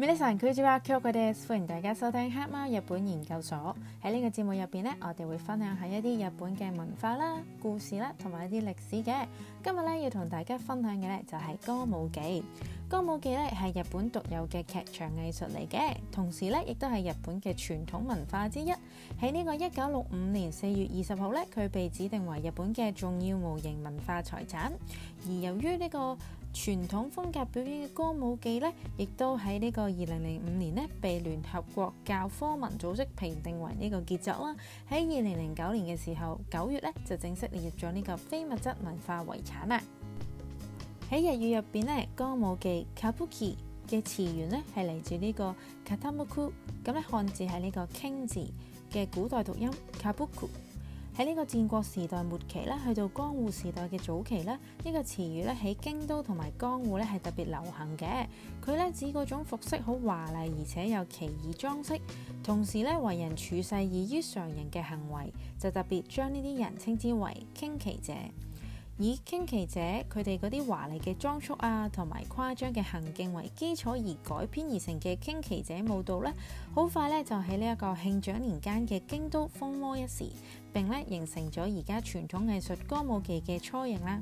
皆さんこんにちは，歡迎大家收聽黑貓日本研究所。喺呢個節目入邊呢，我哋會分享一下一啲日本嘅文化啦、故事啦，同埋一啲歷史嘅。今日呢，要同大家分享嘅呢，就係、是、歌舞伎。歌舞伎呢，係日本獨有嘅劇場藝術嚟嘅，同時呢，亦都係日本嘅傳統文化之一。喺呢個一九六五年四月二十號呢，佢被指定為日本嘅重要無形文化財產。而由於呢、這個。傳統風格表演嘅歌舞伎呢，亦都喺呢個二零零五年呢，被聯合國教科文組織評定為呢個傑作啦。喺二零零九年嘅時候，九月呢，就正式列入咗呢個非物質文化遺產啦。喺日語入邊呢，歌舞伎 （Kabuki） 嘅詞源呢，係嚟自呢個 Kata Muku，咁呢漢字係呢個傾字嘅古代讀音 Kabuku。喺呢個戰國時代末期咧，去到江戶時代嘅早期咧，呢、呢個詞語咧喺京都同埋江戶咧係特別流行嘅。佢咧指嗰種服飾好華麗，而且有奇異裝飾，同時咧為人處世異於常人嘅行為，就特別將呢啲人稱之為傾奇者。以傾奇者佢哋嗰啲華麗嘅裝束啊，同埋誇張嘅行徑為基礎而改編而成嘅傾奇者舞蹈咧，好快咧就喺呢一個慶長年間嘅京都風靡一時，並咧形成咗而家傳統藝術歌舞伎嘅雛形啦。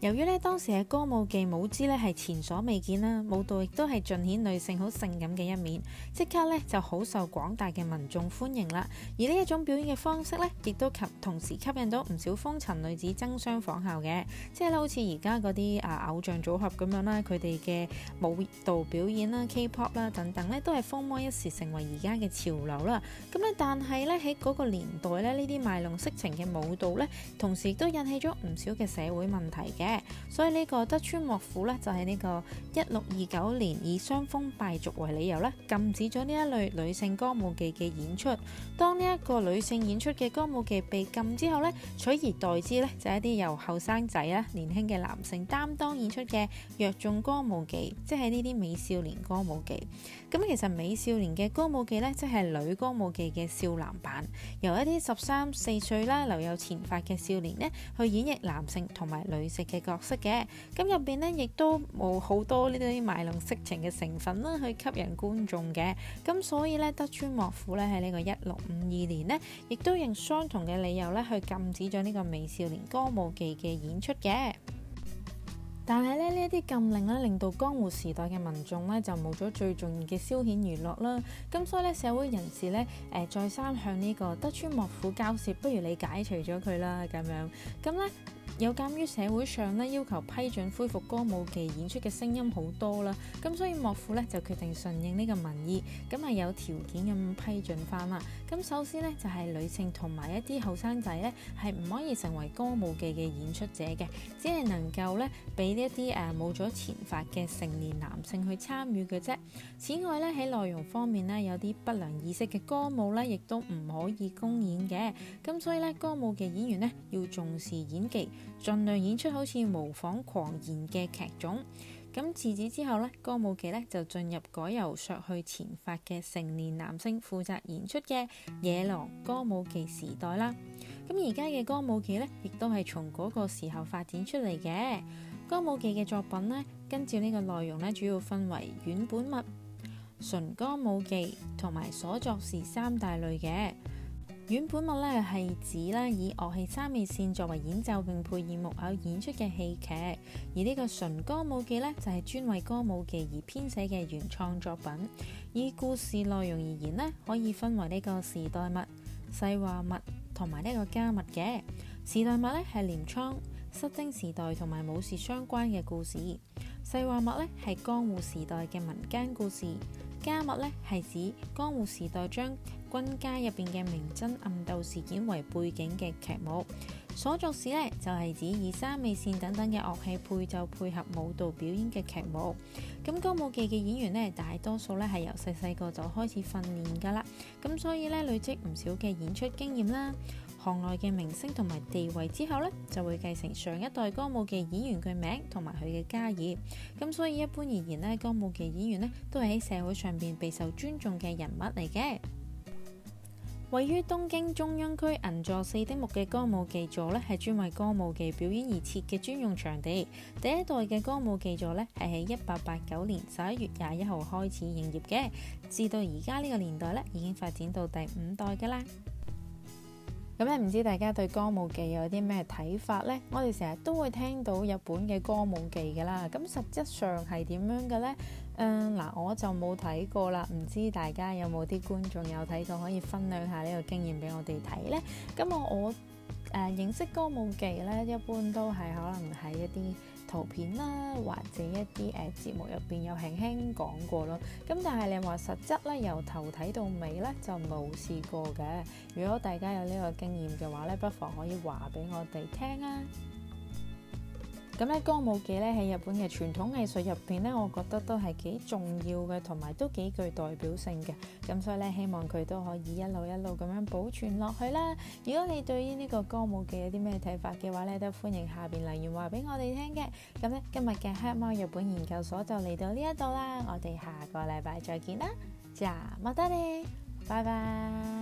由於咧當時嘅歌舞伎舞姿咧係前所未見啦，舞蹈亦都係盡顯女性好性感嘅一面，即刻咧就好受廣大嘅民眾歡迎啦。而呢一種表演嘅方式咧，亦都及同時吸引到唔少風塵女子爭相仿效嘅，即係好似而家嗰啲啊偶像組合咁樣啦，佢哋嘅舞蹈表演啦、K-pop 啦等等咧，都係風靡一時，成為而家嘅潮流啦。咁咧，但係咧喺嗰個年代呢，呢啲賣弄色情嘅舞蹈呢，同時亦都引起咗唔少嘅社會問題嘅。所以呢個德川幕府呢，就係呢個一六二九年以傷風敗俗為理由呢，禁止咗呢一類女性歌舞伎嘅演出。當呢一個女性演出嘅歌舞伎被禁之後呢，取而代之呢，就係一啲由後生仔啊、年輕嘅男性擔當演出嘅若眾歌舞伎，即係呢啲美少年歌舞伎。咁其實美少年嘅歌舞伎呢，即係女歌舞伎嘅少男版，由一啲十三四歲啦、留有前髮嘅少年呢，去演繹男性同埋女性嘅。嘅角色嘅。咁入邊咧，亦都冇好多呢啲賣弄色情嘅成分啦，去吸引觀眾嘅咁，所以咧，德川幕府咧喺呢個一六五二年咧，亦都用相同嘅理由咧去禁止咗呢個《美少年歌舞伎》嘅演出嘅。但係咧，呢一啲禁令咧，令到江戶時代嘅民眾咧就冇咗最重要嘅消遣娛樂啦。咁所以咧，社會人士咧，誒，再三向呢個德川幕府交涉，不如你解除咗佢啦，咁樣咁咧。有鑑於社會上呢要求批准恢復歌舞伎演出嘅聲音好多啦，咁所以幕府呢就決定順應呢個民意，咁啊有條件咁批准翻啦。咁首先呢，就係女性同埋一啲後生仔呢，係唔可以成為歌舞伎嘅演出者嘅，只係能夠呢俾呢一啲誒冇咗前髮嘅成年男性去參與嘅啫。此外呢，喺內容方面呢，有啲不良意識嘅歌舞呢，亦都唔可以公演嘅，咁所以呢，歌舞伎演員呢，要重視演技。儘量演出好似模仿狂言嘅劇種，咁自此之後呢，歌舞伎呢就進入改由削去前髮嘅成年男性負責演出嘅野郎歌舞伎時代啦。咁而家嘅歌舞伎呢，亦都係從嗰個時候發展出嚟嘅。歌舞伎嘅作品呢，跟照呢個內容呢，主要分為丸本物、純歌舞伎同埋所作事三大類嘅。丸本物咧係指咧以樂器三味線作為演奏並配以木偶演出嘅戲劇，而呢個純歌舞伎咧就係、是、專為歌舞伎而編寫嘅原創作品。以故事內容而言呢，可以分為呢個時代物、世話物同埋呢個家物，嘅時代物咧係鎌倉失精時代同埋武士相關嘅故事，世話物呢係江戶時代嘅民間故事。家物呢係指江戶時代將軍家入邊嘅明爭暗鬥事件為背景嘅劇目。所作事呢就係、是、指以三味線等等嘅樂器配奏配合舞蹈表演嘅劇目。咁歌舞伎嘅演員呢，大多數呢係由細細個就開始訓練㗎啦，咁、嗯、所以呢，累積唔少嘅演出經驗啦。行內嘅明星同埋地位，之後呢就會繼承上一代歌舞伎演員嘅名同埋佢嘅家業。咁所以一般而言呢，歌舞伎演員呢都係喺社會上邊備受尊重嘅人物嚟嘅。位於東京中央區銀座四丁目嘅歌舞伎座呢，係專為歌舞伎表演而設嘅專用場地。第一代嘅歌舞伎座呢，係喺一八八九年十一月廿一號開始營業嘅，至到而家呢個年代呢，已經發展到第五代㗎喇。咁咧，唔知大家對歌舞伎有啲咩睇法呢？我哋成日都會聽到日本嘅歌舞伎㗎喇，咁實質上係點樣嘅呢？嗯，嗱，我就冇睇過啦，唔知大家有冇啲觀眾有睇過，可以分享下呢個經驗俾我哋睇呢。咁我我誒、呃、認識歌舞伎呢，一般都係可能喺一啲圖片啦，或者一啲誒節目入邊有輕輕講過咯。咁但係你話實質咧，由頭睇到尾咧就冇試過嘅。如果大家有呢個經驗嘅話咧，不妨可以話俾我哋聽啊！咁咧，歌舞伎咧喺日本嘅傳統藝術入邊咧，我覺得都係幾重要嘅，同埋都幾具代表性嘅。咁所以咧，希望佢都可以一路一路咁樣保存落去啦。如果你對於呢個歌舞伎有啲咩睇法嘅話咧，都歡迎下邊留言話俾我哋聽嘅。咁咧，今日嘅黑貓日本研究所就嚟到呢一度啦，我哋下個禮拜再見啦，じゃあまたね，拜拜。